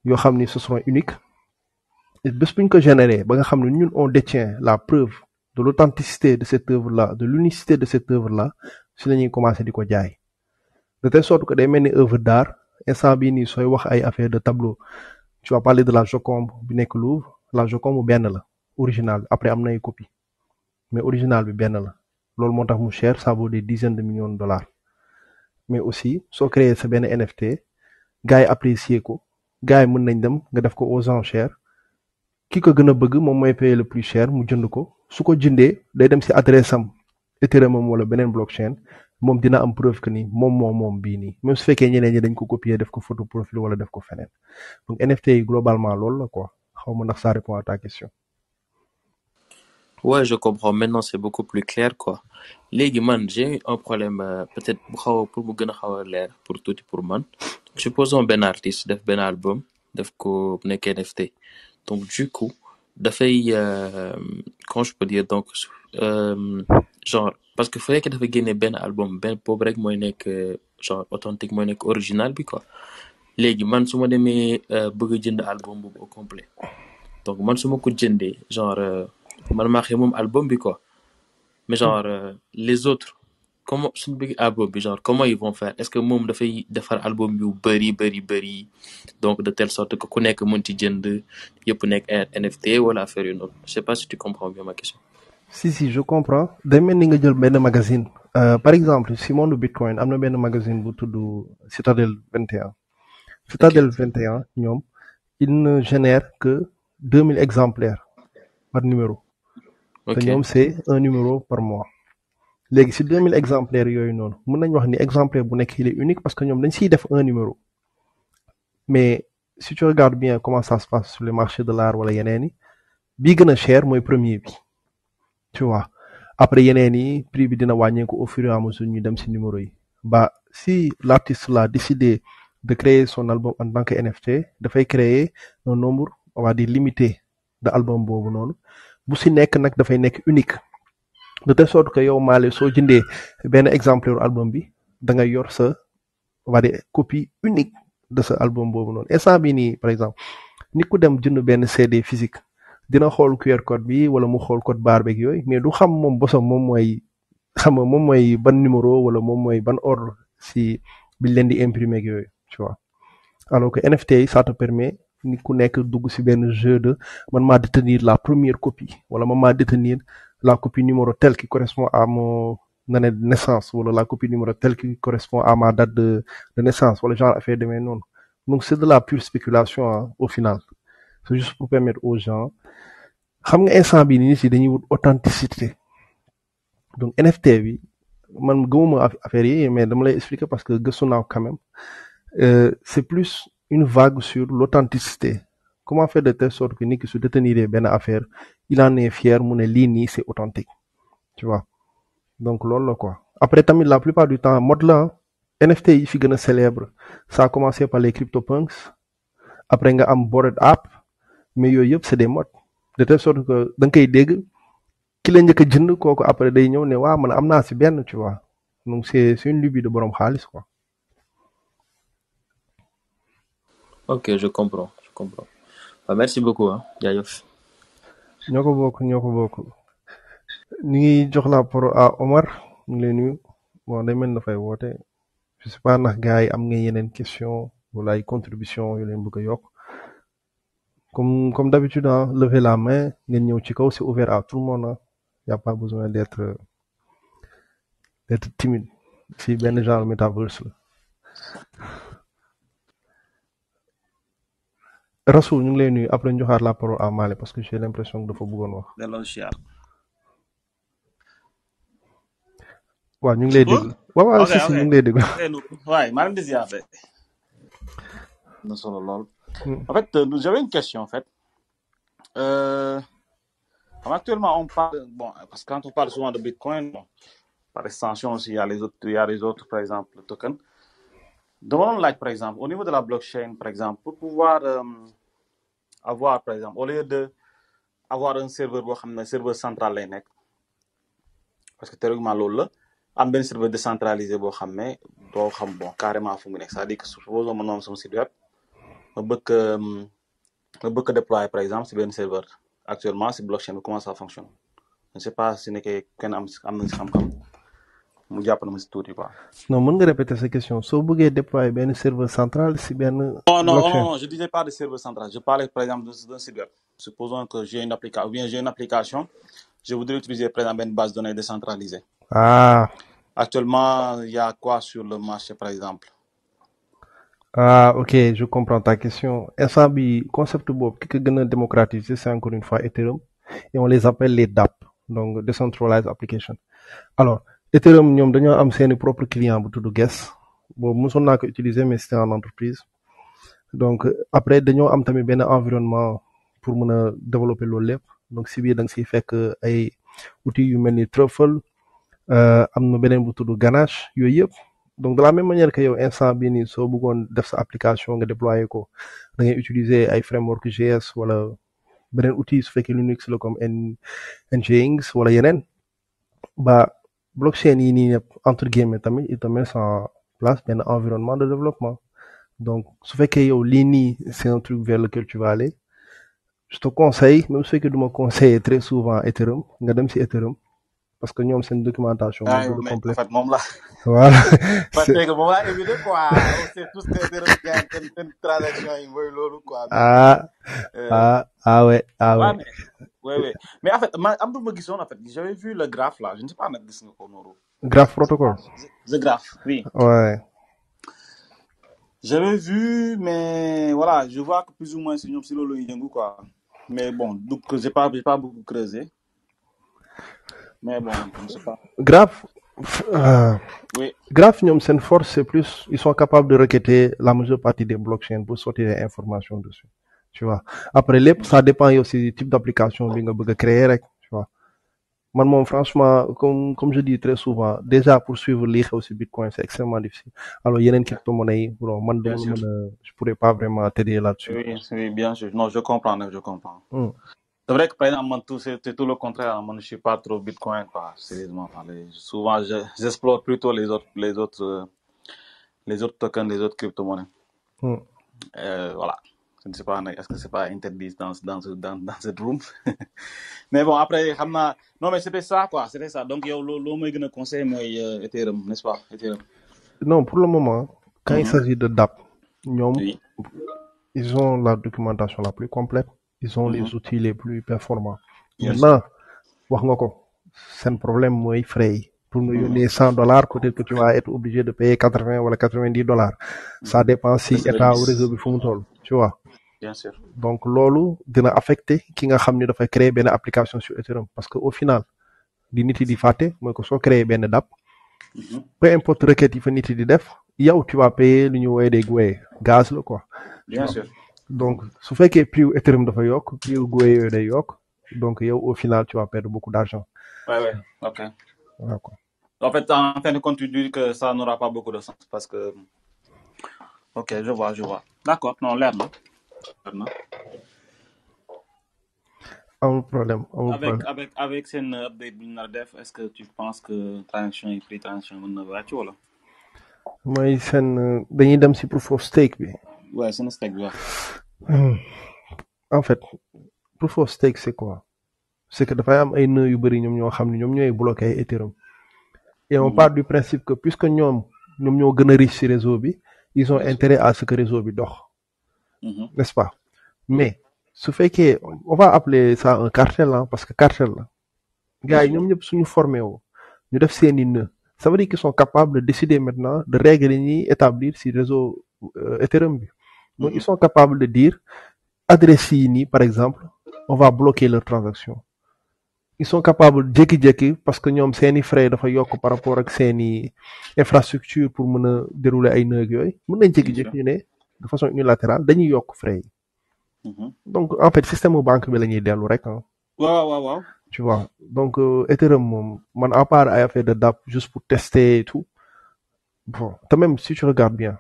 yoo xam ce sont uniques Et bu ñu ko générer ba nga xam ñun on détient la preuve de l'authenticité de cette œuvre là de l'unicité de cette œuvre là si la ñuy à di ko jaay de telle sorte que day mel œuvre d'art instant bii nii sooy wax ay affaire de tableau tu vas parler de la Joconde bi nekk Louvre la Joconde bien la original après amener une copie mais original bi ben la lol motax mu cher ça vaut des dizaines de millions de dollars mais aussi soo créer sa ben NFT gars yi apprécier ko gars yi mën nañ dem nga def ko aux enchères qui ko gën bëgg mom moy payer le plus cher mu jënd ko su ko jëndee day dem ci adresse am Ethereum wala benen blockchain mom dina am preuve que ni mom mom bini bii même su fekkee ñeneen ñi dañ ko copier def ko photo profil wala def ko feneen donc NFT yi globalement l'ol la quoi xawma ça répond à ta question. Ouais, je comprends. Maintenant, c'est beaucoup plus clair, quoi. les man, j'ai un problème, euh, peut-être pour l'air, pour tout et pour man. Supposons ben artiste, def ben album, def ko qu'un NFT. Donc, du coup, dafay, euh, quand je peux dire, donc, euh, genre, parce que fallait que avait gagné ben album, ben pauvre, moi, nek, genre, authentique, moi, nek original, bi, quoi léegi man suma démé demee euh, bëgg jënd album bu au complet donc man suma ko jëndé genre euh, man maa xëy album bi quoi mais genre euh, les autres comment suñu bëgg album genre comment ils vont faire est-ce que da fay défar album yu bëri bëri bëri donc de telle sorte que ku nekk mën ci jënd yëpp nekk NFT wala faire une autre. je sais pas si tu comprends bien ma question. si si je comprends day mel ni nga jël ben magazine par exemple si monde bitcoin amna ben magazine bu tuddu Citadel 21. Citadel 21 ñom, ne génère que 2000 exemplaires par numéro. Donc, c'est un numéro par mois. Légui, si 2000 exemplaires yoy uniques, mën nañ wax ni exemplaire bu nek, il est unique parce que ñom, dañ def un numéro. mais si tu regardes bien comment ça se passe sur le marché de l'art wala y a un cher le premier bi. tu vois après un prix bi dina offert au fur et à mesure ñu dem si numéro yi si l'artiste la décidé de créer son album en tant que NFT faire créer un nombre on va dire limité de album boobu non. bu si nekk nag dafay nekk unique de telle sorte que yow Maale soo jëndee benn exemplaire album bi da nga yor sa on va dire copie unique de ce album boobu non. instant bii nii par exemple ni ku dem jënd ben CD physique dina xool QR code bi wala mu xol code barbe yoy mais du xam mom bosam moom mooy xam nga moom mooy ban numéro wala mom moy ban ordre si bi leen di imprimer ak tu vois alors que NFT ça te permet ni qu'on d'où jeu de man détenir la première copie voilà détenir la copie numéro telle qui correspond à mon année de naissance voilà la copie numéro telle qui correspond à ma date de, naissance naissance wala genre affaire mes non donc c'est de la pure spéculation hein, au final c'est juste pour permettre aux gens xam nga instant bi nit donc dañuy wut authenticité donc NFT bi man gëmuma affaire yi mais dama lay expliquer parce que suis là quand même euh, c'est plus une vague sur l'authenticité comment faire de telle sorte que se se su bien benn affaire il en est fier mon ne c'est authentique tu vois donc lol quoi après mis la plupart du temps mode là, NFT il fi gën célèbre ça a commencé par les CryptoPunks après il y a un Bored App mais yo, yëpp c'est des modes de telle sorte que da nga koy dégg ki la y a jënd gens après day ñëw ne waaw man am tu vois donc c'est c'est une lubie de borom Khalis, quoi Ok, je comprends, je comprends. Bah, merci beaucoup, hein, Yayof. beaucoup, bokk pour Omar ngi de je sais pas si am question contribution comme d'habitude hein, lever la main c'est ouvert à tout le monde il hein. y a pas besoin d'être d'être timide fii Metaverse. genre Rasoul, ñu ngi lay nuyu après ñu joxaat la parole à Malick parce que j'ai l'impression que dafa bëggoon wax. delloo siyaar. waaw ñu ngi lay dégg. waaw waaw si si ñu ngi lay dégg. waay maa ngi di siyaar de. na solo lol. Hmm. en fait euh, nous avons une question en fait. Euh, actuellement on parle bon parce que quand on parle souvent de Bitcoin bon, par extension aussi il y a les autres il y a les autres par exemple le token. Demandons laaj par exemple au niveau de la blockchain par exemple pour pouvoir euh, avoir par exemple au lieu de avoir un serveur bo xamné serveur central lay parce que théoriquement loolu la am un serveur décentralisé bo xam do xam bon carrément fu mu c'est-à-dire que supposons on sur un site web ma bëgg euh, ma bëgg déployer par exemple c'est un serveur actuellement si blockchain comment ça fonctionne je ne sais pas si nek ken am am xam-xam mu ne ma si tuuti quoi. non mën nga répéter sa question soo bëggee déployer benn serveur central si benn. non non non je disais pas de serveur central je parlais par exemple d'un serveur. supposons que j'ai une application ou bien une application je voudrais utiliser par exemple une base de données décentralisée. ah. actuellement il y a quoi sur le marché par exemple. ah ok je comprends ta question instant concept boobu ki ko gën démocratiser c'est encore une fois Ethereum et on les appelle les DAP. donc Decentralized Application alors. Ethereum ñoom dañoo am propre client bu tudd Guess boobu mais c'était en entreprise donc après am tamit environnement pour développer le donc si bien da nga outils yu Truffle vous euh, un Ganache donc de la même manière que yow instant application nga déployer ko utiliser JS outil Linux comme Nginx wala blockchain yi ni entre guillemets tamit il te met en place un environnement de développement donc su fekkee yow lii c'est un truc vers lequel tu vas aller je te conseille même ceux qui me conseillent très souvent Ethereum nga dem si Ethereum parce que ñoom une documentation. complète ah, en fait moom la. [LAUGHS] voilà. [LAUGHS] parce que bon va évité quoi. [LAUGHS] on sait tous que seen transaction yi mooy loolu quoi. ah euh. ah ah ouais ah ouais. oui oui mais en fait am ma gisoon en fait j'avais vu le graphe là je ne sais pas mettre gis nga ko Nourou. graphe protocole. the graphe oui. ouais. j'avais vu mais voilà je vois que plus ou moins c'est ñoom si loolu quoi mais bon donc j'ai pas j'ai pas beaucoup creusé mais bon, je sais pas. Grave. Euh, oui. c'est une force, c'est plus, ils sont capables de requêter la majeure partie des blockchains pour sortir des informations dessus. Tu vois. Après, ça dépend aussi du type d'application que tu veux créer, tu vois. Moi, franchement, comme, comme je dis très souvent, déjà, pour suivre aussi Bitcoin, c'est extrêmement difficile. Alors, il y a une crypto-monnaie, bon, moi, je pourrais pas vraiment t'aider là-dessus. Oui, bien sûr. Non, je comprends, je comprends. Hmm. C'est vrai que par exemple, c'est tout le contraire. je je suis pas trop Bitcoin, quoi, sérieusement. souvent, j'explore plutôt les autres, les autres, les autres tokens, les autres crypto-monnaies. Hmm. E, voilà. Je ne sais pas, est-ce que c'est pas interdit dans, dans, dans, cette room? [LAUGHS] mais bon, après, non, mais c'était ça, quoi. C'était ça. Donc, il y a le conseil, moi, Ethereum, n'est-ce pas? Ethereum. Non, pour le moment, quand il s'agit de DAP, ils ont la documentation la plus complète ils ont les mhm. outils les plus performants. Maintenant wax nga ko problème frais pour nous donner 100$, dollars peut que tu vas être obligé de payer 80 ou 90$. dollars ça mhm. dépend si as un réseau de fonds. toll tu vois. donc l'olu dina affecter qui nga fait créer une application sur Ethereum parce qu'au final di de yi di fàtte mooy créer benn dapp mhm. peu importe requête yi fa nit il y a où tu vas payer lu ñu de gué gaz quoi. bien sûr donc ce fait que wu Ethereum de yokk plus wu GUE donc au final tu vas perdre beaucoup d'argent. Ouais, ouais, ok. D'accord. En fait, en fin de compte, tu dis que ça n'aura pas beaucoup de sens parce que. Ok, je vois, je vois. D'accord, non, l'air, non. non. un problème. avec, problème. Avec, avec cette update Binardef, est-ce que tu penses que transaction et prix transaction vont être tu là Moi, c'est un Dañuy dem ci proof of stake bi. Ouais, c'est un stake Hmm. en fait proof of stake c'est quoi c'est que dafay am ay nœud yu bari ñom ñoo Ethereum et on hmm. part du principe que puisque ñom ñom ñoo gëna sur riche réseau ils ont intérêt à ce que réseau bi dox hmm. n'est-ce pas mais su fekkee on va appeler ça un cartel hein, parce que cartel la gars yi ñoom ñëpp suñu formé woo ñu def nœud ça veut dire qu'ils sont capables de décider maintenant de régler, yi ñuy établir réseau euh, Ethereum donc, ils mhm. sont capables de dire, adresse INI, par exemple, on va bloquer leur transaction. Ils sont capables de dire parce que nous avons frais par rapport à ces infrastructures pour dérouler à une gueule. Nous avons de façon unilatérale, nous avons frais. Mhm. Donc, en fait, le système banque est le rek. Hein. wow wow. Tu vois. Donc, euh, Ethereum, à part à faire de DAP juste pour tester et tout, bon, quand même, si tu regardes bien,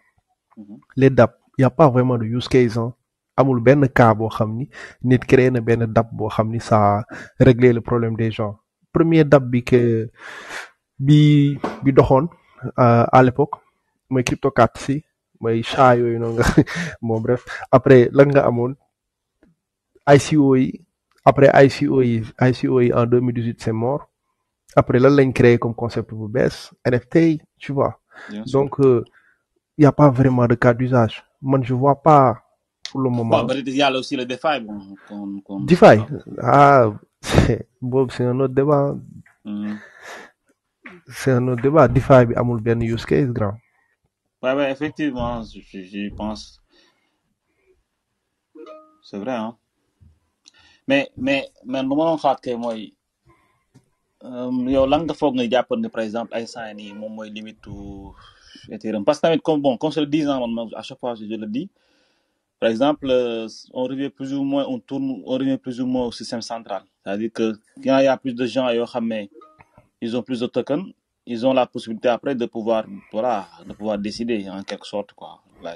mhm. les DAP, il n'y a pas vraiment de use case hein amul ben cas bo xam nit créer na ben dab hamni, ça ça régler le problème des gens premier dab bi que bi bi euh, à l'époque mais CryptoCat si mais chat ou noonu nga [LAUGHS] bon bref après langa nga ICO après ICO yi ICO en 2018 c'est mort après là lañ créé comme concept de baisse, NFT tu vois donc il euh, n'y a pas vraiment de cas d'usage man je vois pas pour le moment. Bon, peut-être il y a aussi le DeFi. Bon, qu'on, qu'on... DeFi Ah, c'est, ah, [LAUGHS] c'est un autre débat. Mm. C'est un autre débat. DeFi bi amul benn use case grand. Ouais, ouais, effectivement, j'y pense. C'est vrai, hein. Mais, mais, mais nous ma doon que moi euh, yow langue de fogue, nga jàppoon ne par exemple ay saa nii moom limite parce que tamit, comme bon, comme je le dis à chaque fois je le dis, par exemple, euh, on revient plus ou moins, on tourne, on revient plus ou moins au système central. C'est-à-dire que quand il y a plus de gens, yo ils ont plus de tokens, ils ont la possibilité après de pouvoir, voilà, de pouvoir décider en quelque sorte, quoi. Je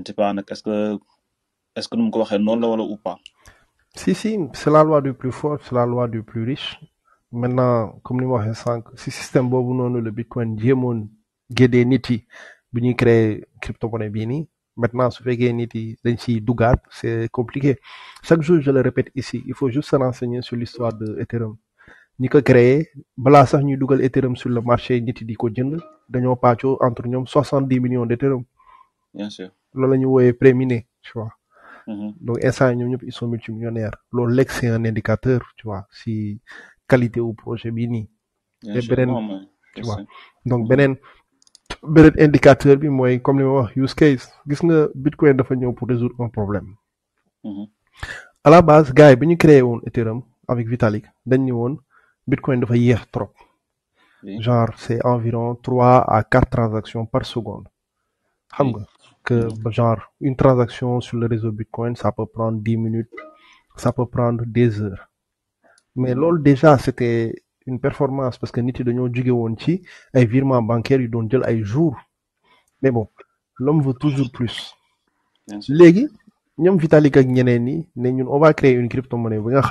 ne sais pas, est-ce que, est-ce que nous me non ou pas? Si, si, c'est la loi du plus fort, c'est la loi du plus riche maintenant comme ni avons waxee si si système de nonu le bitcoin jéemoon gédee nit yi crypto créé crypto cryptomonnaie bini maintenant su fekkee nit yi dañ crypto c'est compliqué chaque jour je le répète ici il faut juste se renseigner sur l'histoire de Ethereum ñi créé on sax ñu dugal Ethereum sur le marché nit yi di ko jënd entre nous 70 millions d'Ethereum bien sûr loolu lañu woyé tu vois mm-hmm. donc nous ils sont multimillionnaires L'OLEX, l'ex c'est un indicateur tu vois si qualité au projet Bini. Et tu vois. donc benen beneen indicateur bi moy comme le mot, use case gis nga bitcoin dafa ñew pour résoudre un problème. Mhm. à la base gars yi bi crée créé Ethereum avec Vitalik dañ ni bitcoin dafa yéex trop. genre c'est environ trois à quatre transactions par seconde. xam nga que genre une transaction sur le réseau bitcoin ça peut prendre dix minutes ça peut prendre des heures mais l'ol déjà c'était une performance parce que nous avons dañoo jóge ci ay virement bancaire yu doon jël ay jours mais bon l'homme veut toujours plus légui ñom Vitalik ak ñeneen ni ñun on va créer une crypto-monnaie bi nga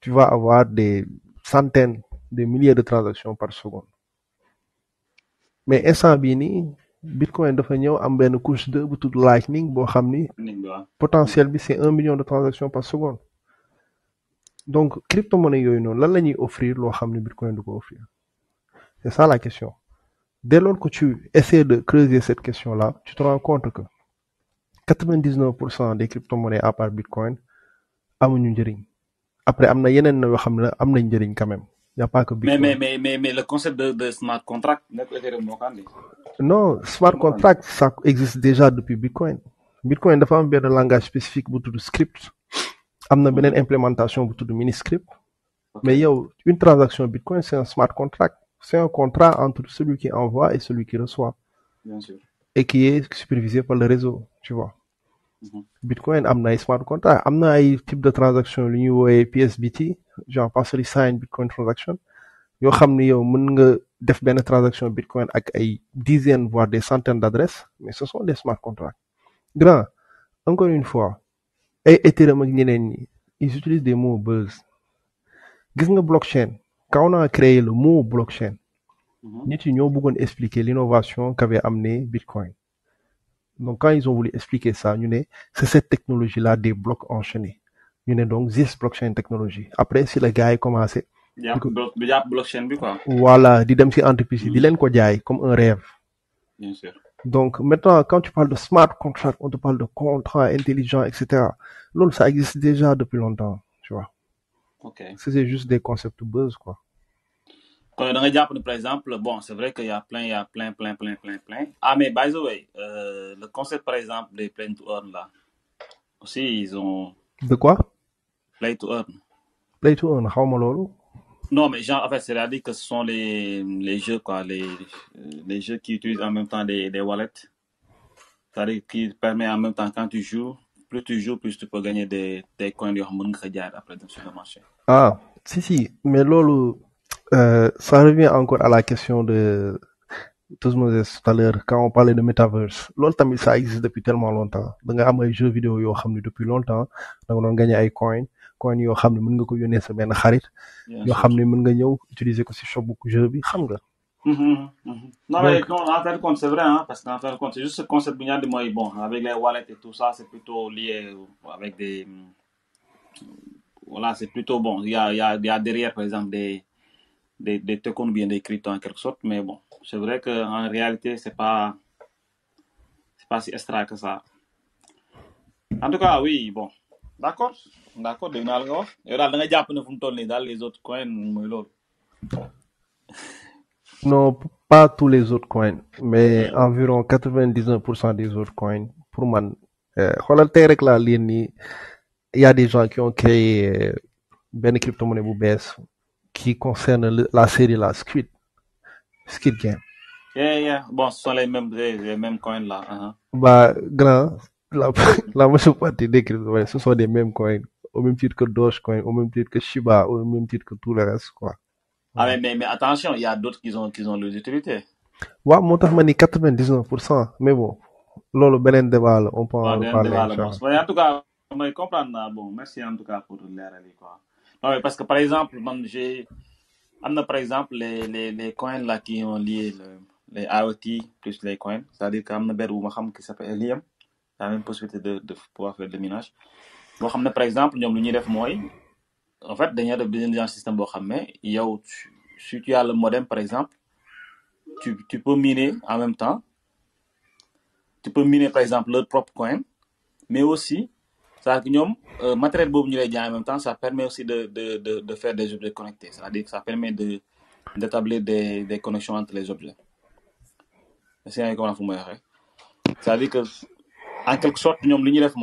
tu vas avoir des centaines des milliers de transactions par seconde mais instant bi ni bitcoin dafa ñew am ben couche 2 bu tudd lightning bo xamni potentiel bi c'est 1 million de transactions par seconde donc crypto-monnaie yooyu non, lan offrir loo xam bitcoin offrir c'est ça la question dès lors que tu essaies de creuser cette question là tu te rends compte que 99% des crypto-monnaies à part bitcoin amuñu njëriñ après am na yo yoo amna ne am quand même Il n'y a pas que bitcoin. mais mais mais mais le concept de smart contract non smart contract ça existe déjà depuis bitcoin bitcoin dafa am un langage spécifique bu tudd script amna benen implémentation bu mini-script, mais yow une transaction Bitcoin c'est un smart contract c'est un contrat entre celui qui envoie et celui qui reçoit et qui est supervisé par le réseau tu vois mhm. Bitcoin amna un smart contract Amener un type de transaction li ñuy woyé PSBT genre partially signed Bitcoin transaction yo xamni yow mën nga def Bitcoin ak ay dizaines voire des centaines d'adresses mais ce sont des smart contracts grand encore une fois et ils utilisent des mots buzz Quand on blockchain créé le mot blockchain mhm. nit ñoo expliquer l'innovation qu'avait amené Bitcoin donc quand ils ont voulu expliquer ça ñu c'est cette technologie là des blocs enchaînés ñu ne donc this blockchain technology après si le gars ont commencé blockchain voilà di dem entreprise di mhm. leen comme un rêve bien sûr donc maintenant, quand tu parles de smart contract, on te parle de contrat intelligent, etc. L'autre, ça existe déjà depuis longtemps, tu vois. Ok. C'est juste des concepts buzz, quoi. Quand on par exemple, bon, c'est vrai qu'il y a plein, il y a plein, plein, plein, plein, plein. Ah, mais by the way, euh, le concept, par exemple, des play to earn, là, aussi, ils ont... De quoi Play to earn. Play to earn, how non, mais genre, en fait, c'est-à-dire que ce sont les, les jeux, quoi, les, les jeux qui utilisent en même temps des, des wallets. C'est-à-dire qui permet en même temps, quand tu joues, plus tu joues, plus tu peux gagner des, des coins de après dans le marché. Ah, si, si. Mais Lolo, euh, ça revient encore à la question de Tosmoses tout à l'heure, quand on parlait de metaverse. Lolo, ça existe depuis tellement longtemps. Donc, il y a des jeux vidéo depuis longtemps. Donc, on a gagné des coins bitcoin yoo xam ne mën nga ko yónnee sa benn xarit. yoo xam ne nga ñëw utiliser ko si shop bu jeu bi xam nga. Mhm, mhm, mhm. non mais non en fin de compte c'est vrai hein, parce qu'en fin de compte c'est juste ce concept bu moi. bon avec les wallets et tout ça c'est plutôt lié avec des voilà c'est plutôt bon il y a il y a il y a derrière par exemple des des des tokens bien des cryptos en quelque sorte mais bon c'est vrai que en réalité c'est pas c'est pas si extra que ça en tout cas oui bon D'accord, d'accord, Et accord dégg naa la nga wax yow dans da les autres coins moy non pas tous les autres coins mais environ 99% des autres coins pour man eh, xoolal tey rek la ligne, il y' a des gens qui ont créé des euh, crypto-monnaie bu qui concerne la série la Squid Squid Game. yeah yeah bon ce sont les mêmes les mêmes coins là. Uh-huh. bah grand la, [LAUGHS] la majorité des crypto-monnaies, ce sont des mêmes coins, au même titre que Dogecoin, au même titre que Shiba, au même titre que tout le reste, quoi. Ah, mais, mais, attention, il y a d'autres qui ont, qui ont leurs utilités. Ouais, mon temps, 99%, mais bon, lolo, benen débat, on peut en parler. en tout cas, je comprends, bon, merci en tout cas pour l'air, quoi. parce que par exemple, j'ai, par exemple les, les, les coins là qui ont lié les IoT plus les coins, c'est-à-dire qu'il y a un qui s'appelle Liam même possibilité de de pouvoir faire le minage Bon, par exemple nous lu ñuy def en fait dañuy def besoin d'un système boo xam yow si tu as le modem par exemple tu tu peux miner en même temps tu peux miner par exemple leur propre coin mais aussi ça que euh, matériel boobu ñu en même temps ça permet aussi de de de de faire des objets connectés c'est-à-dire que ça permet de d'établir des des connexions entre les objets. C'est un ngi commencé cest dire que en quelque sorte ñom def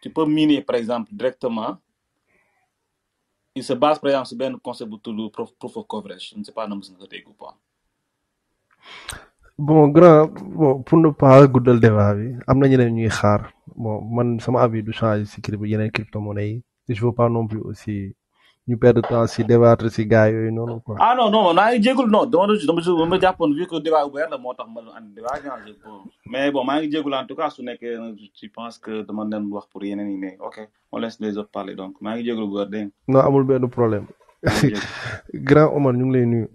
tu peux miner par exemple directement il se base par exemple sur concept de proof coverage je ne sais pas pas bon grand bon pour ne pas xaar bon du crypto yeneen monnaie je veux pas non plus aussi ñu perdre si débattre si gars yooyu noonu quoi. ah non non maa ngi jégalu non dama dama dama jàppoon vu que débat bu weer moo tax ma doon andi débat changé mais bon maa ngi en tout cas su nekkee tu penses que leen wax pour yeneen yi mais ok on laisse les autres parler donc maa ngi jégalu bu weer dégg non amul benn problème. [LAUGHS] grand Omar ñu ngi lay nuyu.